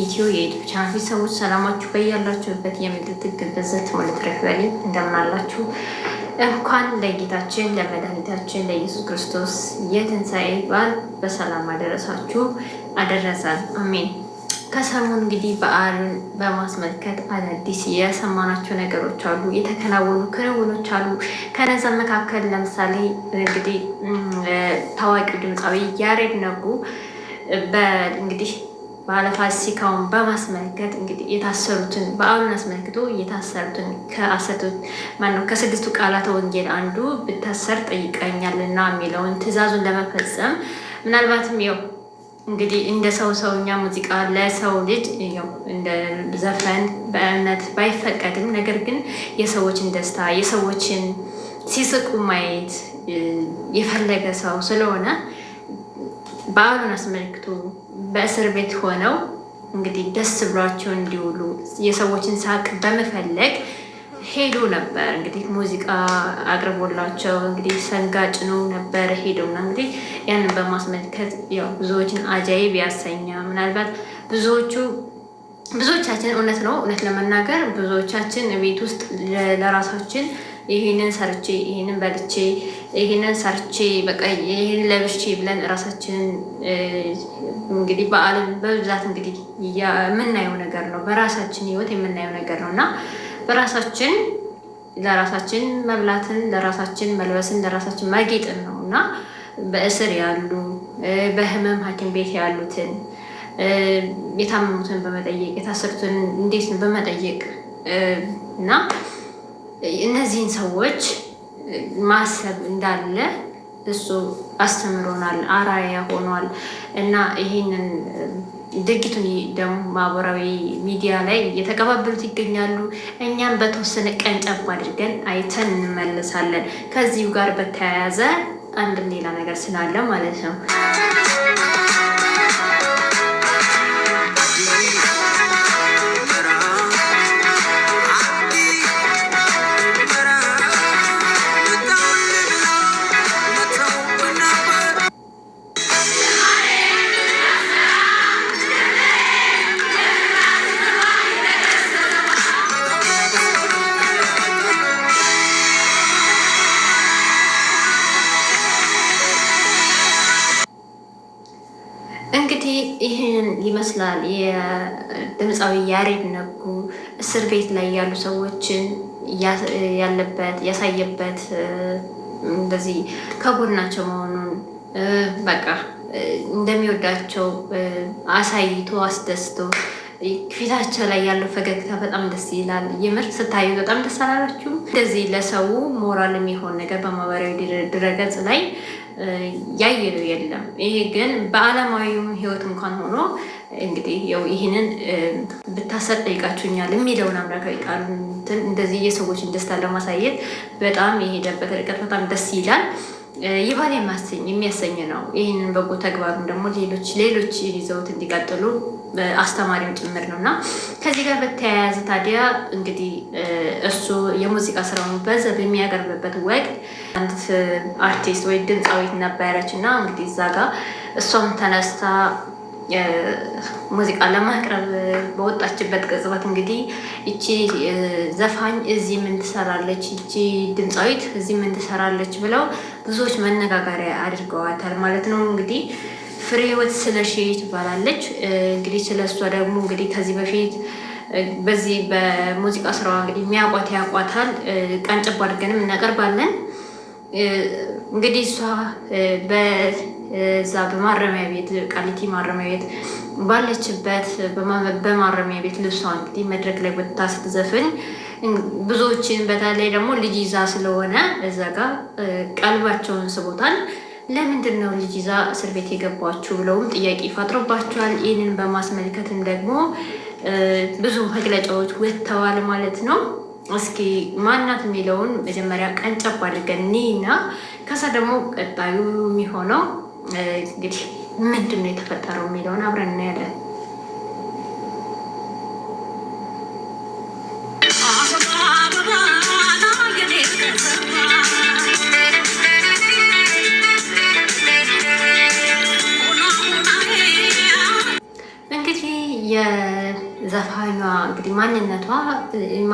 ኢትዮ የዩቱብ ቻናል ሰዎች ሰላማችሁ በያላችሁበት የምድር ትግል በዘት ሞልትረት በሌ እንደምናላችሁ እንኳን ለጌታችን ለመድኃኒታችን ለኢየሱስ ክርስቶስ የትንሣኤ በዓል በሰላም አደረሳችሁ አደረሰን፣ አሜን። ከሰሞኑ እንግዲህ በዓልን በማስመልከት አዳዲስ የሰማናቸው ነገሮች አሉ፣ የተከናወኑ ክንውኖች አሉ። ከነዛ መካከል ለምሳሌ እንግዲህ ታዋቂው ድምፃዊ ያሬድ ነጉ እንግዲህ በዓለ ፋሲካውን በማስመልከት እንግዲህ የታሰሩትን በዓሉን አስመልክቶ የታሰሩትን ማነው ከስድስቱ ቃላተ ወንጌል አንዱ ብታሰር ጠይቀኛልና የሚለውን ትዕዛዙን ለመፈጸም ምናልባትም ው እንግዲህ እንደ ሰው ሰውኛ ሙዚቃ ለሰው ልጅ እንደ ዘፈን በእምነት ባይፈቀድም፣ ነገር ግን የሰዎችን ደስታ የሰዎችን ሲስቁ ማየት የፈለገ ሰው ስለሆነ በዓሉን አስመልክቶ በእስር ቤት ሆነው እንግዲህ ደስ ብሏቸው እንዲውሉ የሰዎችን ሳቅ በመፈለግ ሄዶ ነበር። እንግዲህ ሙዚቃ አቅርቦላቸው እንግዲህ ሰንጋ ጭኖ ነበር ሄዶና እንግዲህ ያንን በማስመልከት ያው ብዙዎችን አጃይብ ያሰኛ ምናልባት ብዙዎቹ ብዙዎቻችን እውነት ነው እውነት ለመናገር ብዙዎቻችን ቤት ውስጥ ለራሳችን ይህንን ሰርቼ ይሄንን በልቼ ይህንን ሰርቼ በቃ ይሄን ለብቼ ብለን እራሳችንን እንግዲህ በዓልን በብዛት እንግዲህ የምናየው ነገር ነው። በራሳችን ህይወት የምናየው ነገር ነው እና በራሳችን ለራሳችን መብላትን፣ ለራሳችን መልበስን፣ ለራሳችን ማጌጥን ነው እና በእስር ያሉ በህመም ሐኪም ቤት ያሉትን የታመሙትን በመጠየቅ የታሰሩትን እንዴት በመጠየቅ እና እነዚህን ሰዎች ማሰብ እንዳለ እሱ አስተምሮናል፣ አራያ ሆኗል እና ይህንን ድርጊቱን ደግሞ ማህበራዊ ሚዲያ ላይ እየተቀባበሉት ይገኛሉ። እኛም በተወሰነ ቀንጨብ አድርገን አይተን እንመለሳለን። ከዚሁ ጋር በተያያዘ አንድም ሌላ ነገር ስላለ ማለት ነው። ድምፃዊ ያሬድ ነጉ እስር ቤት ላይ ያሉ ሰዎችን ያለበት ያሳየበት እንደዚህ ከጎናቸው መሆኑን በቃ እንደሚወዳቸው አሳይቶ አስደስቶ ፊታቸው ላይ ያለው ፈገግታ በጣም ደስ ይላል። የምር ስታዩ በጣም ደስ አላላችሁም? እንደዚህ ለሰው ሞራል የሚሆን ነገር በማህበራዊ ድረገጽ ላይ ያየነው የለም። ይሄ ግን በዓለማዊ ህይወት እንኳን ሆኖ እንግዲህ ው ይህንን ብታሰጥ ጠይቃችሁኛል የሚለውን አምላካዊ ቃል እንደዚህ የሰዎችን ደስታ ለማሳየት በጣም የሄደበት ርቀት በጣም ደስ ይላል። ይበል የማሰኝ የሚያሰኝ ነው። ይህንን በጎ ተግባሩን ደግሞ ሌሎች ሌሎች ይዘውት እንዲቀጥሉ አስተማሪም ጭምር ነው እና ከዚህ ጋር በተያያዘ ታዲያ እንግዲህ እሱ የሙዚቃ ስራውን በዘ በሚያቀርብበት ወቅት አንዲት አርቲስት ወይ ድምፃዊት ነበረች እና እንግዲህ እዛ ጋር እሷም ተነስታ ሙዚቃ ለማቅረብ በወጣችበት ቅጽበት እንግዲህ እቺ ዘፋኝ እዚህ ምን ትሰራለች፣ እቺ ድምፃዊት እዚህ ምን ትሰራለች ብለው ብዙዎች መነጋገሪያ አድርገዋታል ማለት ነው። እንግዲህ ፍሬህይወት ስለሺ ትባላለች። እንግዲህ ስለሷ ደግሞ እንግዲህ ከዚህ በፊት በዚህ በሙዚቃ ስራዋ እንግዲህ የሚያውቋት ያውቋታል። ቀንጭባ አድርገንም እናቀርባለን። እንግዲህ እሷ በዛ በማረሚያ ቤት ቃሊቲ ማረሚያ ቤት ባለችበት በማረሚያ ቤት ልብሷ እንግዲህ መድረክ ላይ ወጥታ ስትዘፍን ብዙዎችን በተለይ ደግሞ ልጅ ይዛ ስለሆነ እዛ ጋ ቀልባቸውን ስቦታል። ለምንድን ነው ልጅ ይዛ እስር ቤት የገባችሁ ብለውም ጥያቄ ፈጥሮባቸዋል። ይህንን በማስመልከትም ደግሞ ብዙ መግለጫዎች ወጥተዋል ማለት ነው። እስኪ ማናት የሚለውን መጀመሪያ ቀንጨብ አድርገን እና ከዛ ደግሞ ቀጣዩ የሚሆነው እንግዲህ ምንድን ነው የተፈጠረው የሚለውን አብረን እናያለን። እንግዲህ ዘፋኟ እንግዲህ ማንነቷ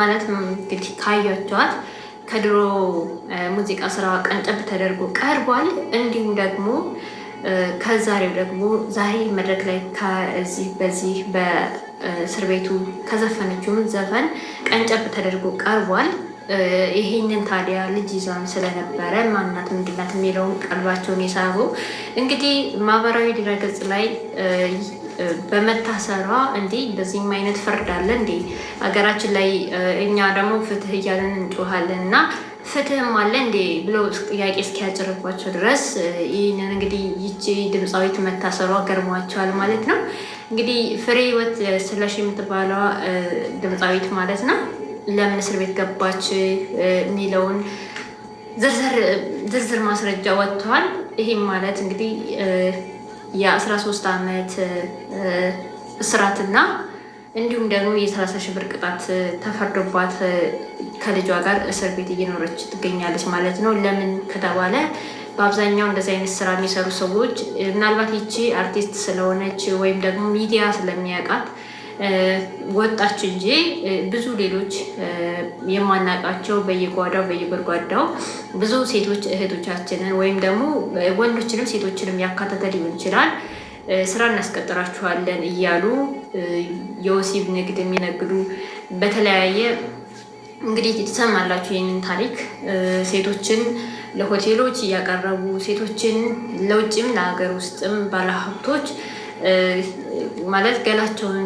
ማለት እንግዲህ ካያቸዋት ከድሮ ሙዚቃ ስራዋ ቀንጨብ ተደርጎ ቀርቧል። እንዲሁም ደግሞ ከዛሬው ደግሞ ዛሬ መድረክ ላይ ከዚህ በዚህ በእስር ቤቱ ከዘፈነችውም ዘፈን ቀንጨብ ተደርጎ ቀርቧል። ይሄንን ታዲያ ልጅ ይዛን ስለነበረ ማናት ምንድናት የሚለውን ቀልባቸውን የሳቡ እንግዲህ ማህበራዊ ድረገጽ ላይ በመታሰሯ እንዴ እንደዚህም አይነት ፍርድ አለ እንዴ? ሀገራችን ላይ እኛ ደግሞ ፍትህ እያለን እንጮሃለን እና ፍትህም አለ እንዴ ብሎ ጥያቄ እስኪያጭርባቸው ድረስ ይህንን እንግዲህ ይቺ ድምፃዊት መታሰሯ ገርሟቸዋል ማለት ነው። እንግዲህ ፍሬ ህይወት ስለሽ የምትባለዋ ድምፃዊት ማለት ነው ለምን እስር ቤት ገባች የሚለውን ዝርዝር ማስረጃ ወጥተዋል። ይህም ማለት እንግዲህ የ13 ዓመት እስራትና እንዲሁም ደግሞ የ30 ሺህ ብር ቅጣት ተፈርዶባት ከልጇ ጋር እስር ቤት እየኖረች ትገኛለች ማለት ነው። ለምን ከተባለ በአብዛኛው እንደዚህ አይነት ስራ የሚሰሩ ሰዎች ምናልባት ይቺ አርቲስት ስለሆነች ወይም ደግሞ ሚዲያ ስለሚያውቃት ወጣች እንጂ ብዙ ሌሎች የማናቃቸው በየጓዳው በየጎድጓዳው ብዙ ሴቶች እህቶቻችንን ወይም ደግሞ ወንዶችንም ሴቶችንም ያካተተ ሊሆን ይችላል ስራ እናስቀጥራችኋለን እያሉ የወሲብ ንግድ የሚነግዱ በተለያየ እንግዲህ ትሰማላችሁ ይህንን ታሪክ ሴቶችን ለሆቴሎች እያቀረቡ ሴቶችን ለውጭም ለሀገር ውስጥም ባለሀብቶች ማለት ገላቸውን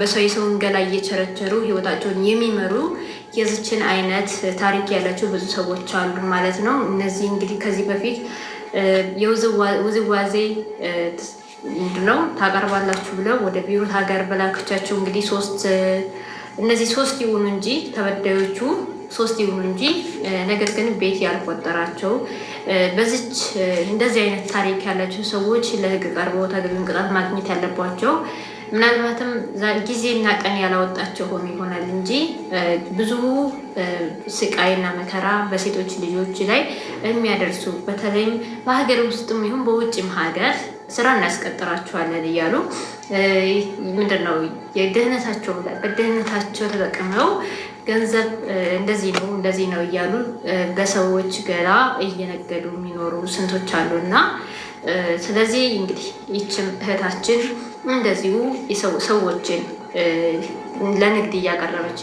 በሰው የሰውን ገላ እየቸረቸሩ ህይወታቸውን የሚመሩ የዝችን አይነት ታሪክ ያላቸው ብዙ ሰዎች አሉ ማለት ነው። እነዚህ እንግዲህ ከዚህ በፊት የውዝዋዜ ነው ታቀርባላችሁ ብለው ወደ ቢሮ ሀገር በላክቻቸው እንግዲህ ሶስት እነዚህ ሶስት ይሁኑ እንጂ ተበዳዮቹ ሶስት ይሁኑ እንጂ ነገር ግን ቤት ያልቆጠራቸው በዚች እንደዚህ አይነት ታሪክ ያላቸው ሰዎች ለህግ ቀርበው ተገቢውን ቅጣት ማግኘት ያለባቸው ምናልባትም ጊዜና ቀን ያላወጣቸው ሆኖ ይሆናል እንጂ ብዙ ስቃይና መከራ በሴቶች ልጆች ላይ የሚያደርሱ በተለይም በሀገር ውስጥም ይሁን በውጭም ሀገር ስራ እናስቀጥራቸዋለን እያሉ ምንድን ነው የድህነታቸው በድህነታቸው ተጠቅመው ገንዘብ እንደዚህ ነው እንደዚህ ነው እያሉ በሰዎች ገላ እየነገዱ የሚኖሩ ስንቶች አሉ እና ስለዚህ እንግዲህ ይችም እህታችን እንደዚሁ ሰዎችን ለንግድ እያቀረበች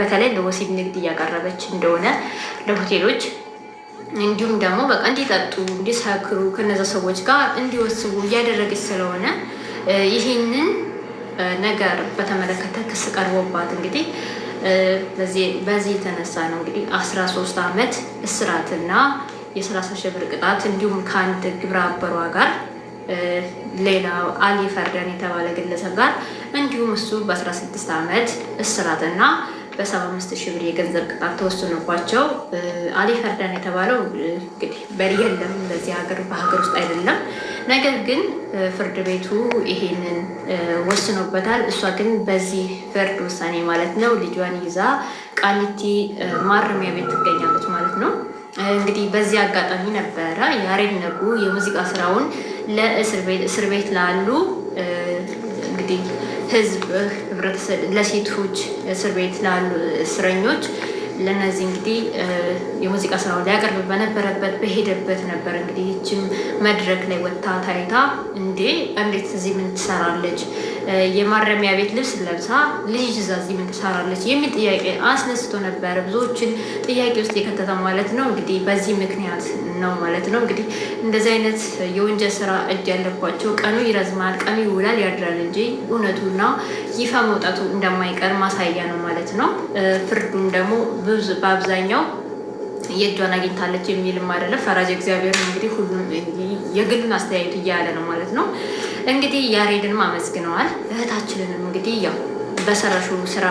በተለይ ለወሲብ ንግድ እያቀረበች እንደሆነ ለሆቴሎች እንዲሁም ደግሞ በቃ እንዲጠጡ እንዲሰክሩ ከነዛ ሰዎች ጋር እንዲወስቡ እያደረገች ስለሆነ ይህንን ነገር በተመለከተ ክስ ቀርቦባት እንግዲህ በዚህ የተነሳ ነው እንግዲህ 13 ዓመት እስራትና የ30 ሺህ ብር ቅጣት እንዲሁም ከአንድ ግብረ አበሯ ጋር ሌላ አሊ ፈርደን የተባለ ግለሰብ ጋር እንዲሁም እሱ በ16 ዓመት እስራትና በ75 ሺህ ብር የገንዘብ ቅጣት ተወስኖባቸው አሊ ፈርደን የተባለው እንግዲህ በሪ የለም በዚህ ሀገር በሀገር ውስጥ አይደለም ነገር ግን ፍርድ ቤቱ ይሄንን ወስኖበታል። እሷ ግን በዚህ ፍርድ ውሳኔ ማለት ነው ልጇን ይዛ ቃሊቲ ማረሚያ ቤት ትገኛለች ማለት ነው። እንግዲህ በዚህ አጋጣሚ ነበረ ያሬድ ነጉ የሙዚቃ ስራውን ለእስር ቤት ላሉ እንግዲህ ህዝብ ህብረተሰብ ለሴቶች እስር ቤት ላሉ እስረኞች ለነዚህ እንግዲህ የሙዚቃ ስራውን ሊያቀርብ በነበረበት በሄደበት ነበር እንግዲህ ይችም መድረክ ላይ ወጥታ ታይታ እንዴ እንዴት እዚህ ምን ትሰራለች የማረሚያ ቤት ልብስ ለብሳ ልጅ እዛ ምን ትሰራለች የሚል ጥያቄ አስነስቶ ነበረ። ብዙዎችን ጥያቄ ውስጥ የከተተ ማለት ነው። እንግዲህ በዚህ ምክንያት ነው ማለት ነው። እንግዲህ እንደዚህ አይነት የወንጀል ስራ እጅ ያለባቸው ቀኑ ይረዝማል፣ ቀኑ ይውላል ያድራል እንጂ እውነቱና ይፋ መውጣቱ እንደማይቀር ማሳያ ነው ማለት ነው። ፍርዱም ደግሞ በአብዛኛው የእጇን አግኝታለች የሚልም አይደለም። ፈራጅ እግዚአብሔር እንግዲህ ሁሉም የግሉን አስተያየት እያለ ነው ማለት ነው። እንግዲህ ያሬድንም አመስግነዋል። እህታችንንም እንግዲህ ያው በሰራሹ ስራ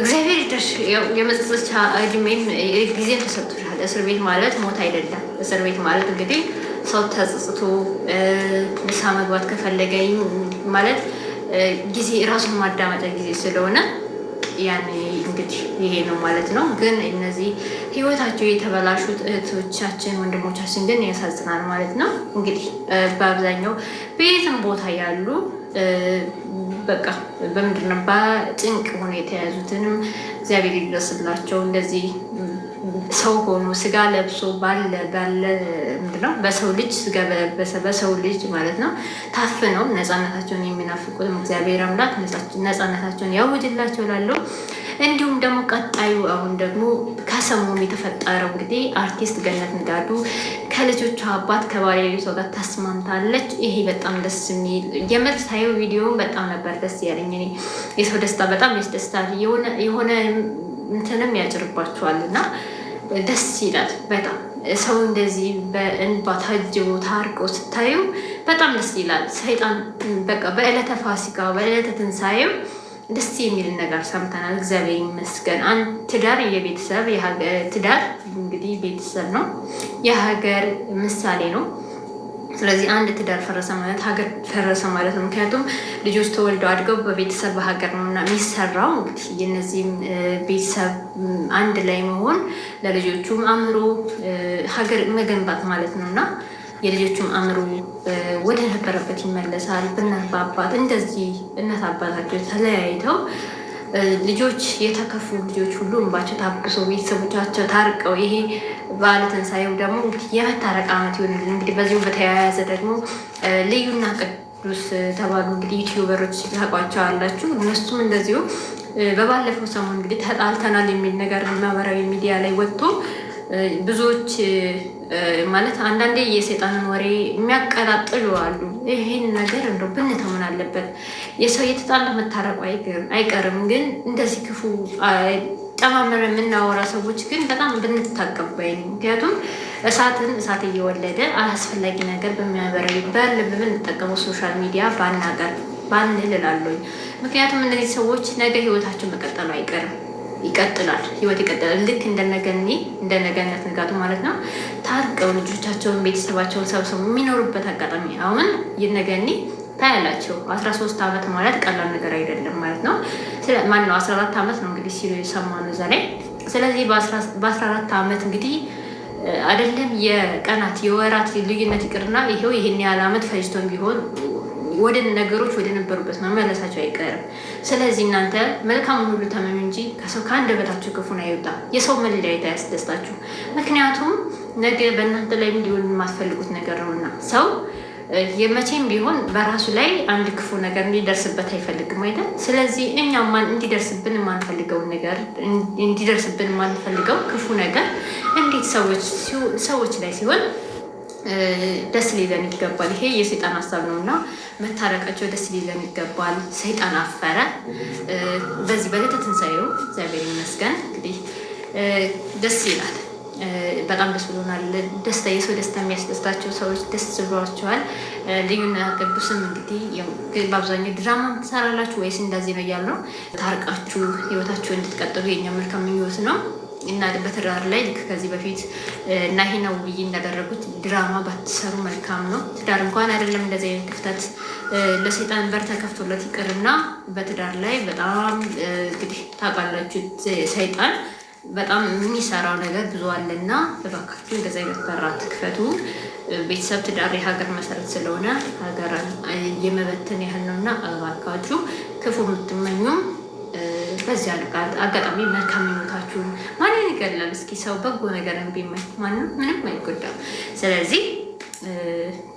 እግዚአብሔር ይደርሽ። የመጽቻ እድሜን ጊዜም ተሰጥቶሻል። እስር ቤት ማለት ሞት አይደለም። እስር ቤት ማለት እንግዲህ ሰው ተጽጽቶ ንሳ መግባት ከፈለገ ማለት ጊዜ ራሱን ማዳመጫ ጊዜ ስለሆነ ያን እንግዲህ ይሄ ነው ማለት ነው። ግን እነዚህ ህይወታቸው የተበላሹት እህቶቻችን ወንድሞቻችን ግን ያሳዝናል ማለት ነው። እንግዲህ በአብዛኛው በየትም ቦታ ያሉ በቃ በምንድነው በጭንቅ ሆነ የተያዙትንም እግዚአብሔር ይድረስላቸው። እንደዚህ ሰው ሆኖ ስጋ ለብሶ ባለ ባለ ምንድነው በሰው ልጅ ስጋ በለበሰ በሰው ልጅ ማለት ነው ታፍነው ነፃነታቸውን የሚናፍቁትም እግዚአብሔር አምላክ ነፃነታቸውን ያውጅላቸው ላለው እንዲሁም ደግሞ ቀጣዩ አሁን ደግሞ ከሰሞኑ የተፈጠረው እንግዲህ አርቲስት ገነት ንጋዱ ከልጆቿ አባት ከባለቤቷ ጋር ተስማምታለች። ይሄ በጣም ደስ የሚል የምር ሳየው ቪዲዮን በጣም ነበር ደስ ያለኝ። እኔ የሰው ደስታ በጣም ያስደስታል፣ የሆነ እንትንም ያጭርባቸዋል እና ደስ ይላል በጣም ሰው እንደዚህ በእንባ ታጅቦ ታርቆ ስታዩ በጣም ደስ ይላል። ሰይጣን በቃ በዕለተ ፋሲካ በዕለተ ትንሣኤም ደስ የሚል ነገር ሰምተናል። እግዚአብሔር ይመስገን። ትዳር የቤተሰብ ትዳር እንግዲህ ቤተሰብ ነው፣ የሀገር ምሳሌ ነው። ስለዚህ አንድ ትዳር ፈረሰ ማለት ሀገር ፈረሰ ማለት ነው። ምክንያቱም ልጆች ተወልደው አድገው በቤተሰብ በሀገር ነው እና የሚሰራው። እንግዲህ የነዚህም ቤተሰብ አንድ ላይ መሆን ለልጆቹም አእምሮ ሀገር መገንባት ማለት ነው እና የልጆቹም አእምሮ ወደ ነበረበት ይመለሳል። ብናት በአባት እንደዚህ እናት አባታቸው ተለያይተው ልጆች የተከፉ ልጆች ሁሉ እንባቸው ታብሶ ቤተሰቦቻቸው ታርቀው ይሄ በዓለ ትንሳኤው ደግሞ የመታረቅ ዓመት ይሆንልን። እንግዲህ በዚሁም በተያያዘ ደግሞ ልዩና ቅዱስ ተባሉ እንግዲህ ዩቲዩበሮች ታውቋቸው አላችሁ። እነሱም እንደዚሁ በባለፈው ሰሞን እንግዲህ ተጣልተናል የሚል ነገር ማህበራዊ ሚዲያ ላይ ወጥቶ ብዙዎች ማለት አንዳንዴ የሰይጣንን ወሬ የሚያቀጣጥሉ አሉ። ይህን ነገር እንደ ብንተው ምን አለበት? የሰው የተጣለ መታረቁ አይቀርም። ግን እንደዚህ ክፉ ጨማምረ የምናወራ ሰዎች ግን በጣም ብንታቀብ ባይ ምክንያቱም እሳትን እሳት እየወለደ አላስፈላጊ ነገር በሚያበረይ በል ብንጠቀመው ሶሻል ሚዲያ ባናገር ባንል እላለሁኝ። ምክንያቱም እነዚህ ሰዎች ነገ ህይወታቸው መቀጠሉ አይቀርም። ይቀጥላል፣ ህይወት ይቀጥላል። ልክ እንደነገኒ እንደነገነት ንጋቱ ማለት ነው። ታርቀው ልጆቻቸውን ቤተሰባቸውን ሰብስበው የሚኖሩበት አጋጣሚ አሁን ይነገኒ ታያላቸው። አስራሶስት ዓመት ማለት ቀላል ነገር አይደለም ማለት ነው። ማን ነው 14 ዓመት ነው እንግዲህ ሲሉ የሰማነው እዛ ላይ። ስለዚህ በአስራ 14 ዓመት እንግዲህ አይደለም የቀናት የወራት ልዩነት ይቅርና ይሄው ይህን ያህል ዓመት ፈጅቶም ቢሆን ወደ ነገሮች ወደ ነበሩበት መመለሳቸው አይቀርም። ስለዚህ እናንተ መልካም ሁሉ ተመኑ እንጂ ከሰው ከአንድ ከአንደበታችሁ ክፉን አይወጣ። የሰው መለያየት አያስደስታችሁ። ምክንያቱም ነገ በእናንተ ላይ እንዲሆን የማትፈልጉት ነገር ነውና ሰው የመቼም ቢሆን በራሱ ላይ አንድ ክፉ ነገር እንዲደርስበት አይፈልግም አይደል? ስለዚህ እኛ ማን እንዲደርስብን የማንፈልገው ነገር እንዲደርስብን የማንፈልገው ክፉ ነገር እንዴት ሰዎች ሰዎች ላይ ሲሆን ደስ ሊለን ይገባል። ይሄ የሰይጣን ሀሳብ ነው እና መታረቃቸው ደስ ሊለን ይገባል። ሰይጣን አፈረ። በዚህ በዕለተ ትንሣኤው እግዚአብሔር ይመስገን እንግዲህ ደስ ይላል። በጣም ደስ ብሎናል። ደስታ የሰው ደስታ የሚያስደስታቸው ሰዎች ደስ ብሏቸዋል። ልዩና ቅዱስም እንግዲህ በአብዛኛው ድራማ ትሰራላችሁ ወይስ እንደዚህ ነው እያሉ ነው። ታርቃችሁ ህይወታችሁ እንድትቀጥሉ የኛ መልካም ምኞት ነው። እና በትዳር ላይ ልክ ከዚህ በፊት እና ይሄ ነው ብዬ እንዳደረጉት ድራማ ባትሰሩ መልካም ነው። ትዳር እንኳን አይደለም እንደዚህ አይነት ክፍተት ለሰይጣን በር ተከፍቶለት ይቅርና በትዳር ላይ በጣም እንግዲህ ታውቃላችሁ፣ ሰይጣን በጣም የሚሰራው ነገር ብዙ አለና በባካችሁ እንደዚህ አይነት በር አትክፈቱ። ቤተሰብ ትዳር የሀገር መሰረት ስለሆነ ሀገር የመበተን ያህል ነው እና እባካችሁ ክፉ የምትመኙም በዚህ አጋጣሚ መልካም ይመታችሁን ይገላል። እስኪ ሰው በጎ ነገር ቢመኝ ማንም ምንም አይጎዳም። ስለዚህ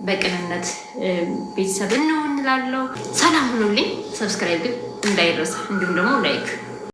በቅንነት ቤተሰብ ነው እንላለው። ሰላም ሁኑልኝ። ሰብስክራይብ ግን እንዳይረሳ፣ እንዲሁም ደግሞ ላይክ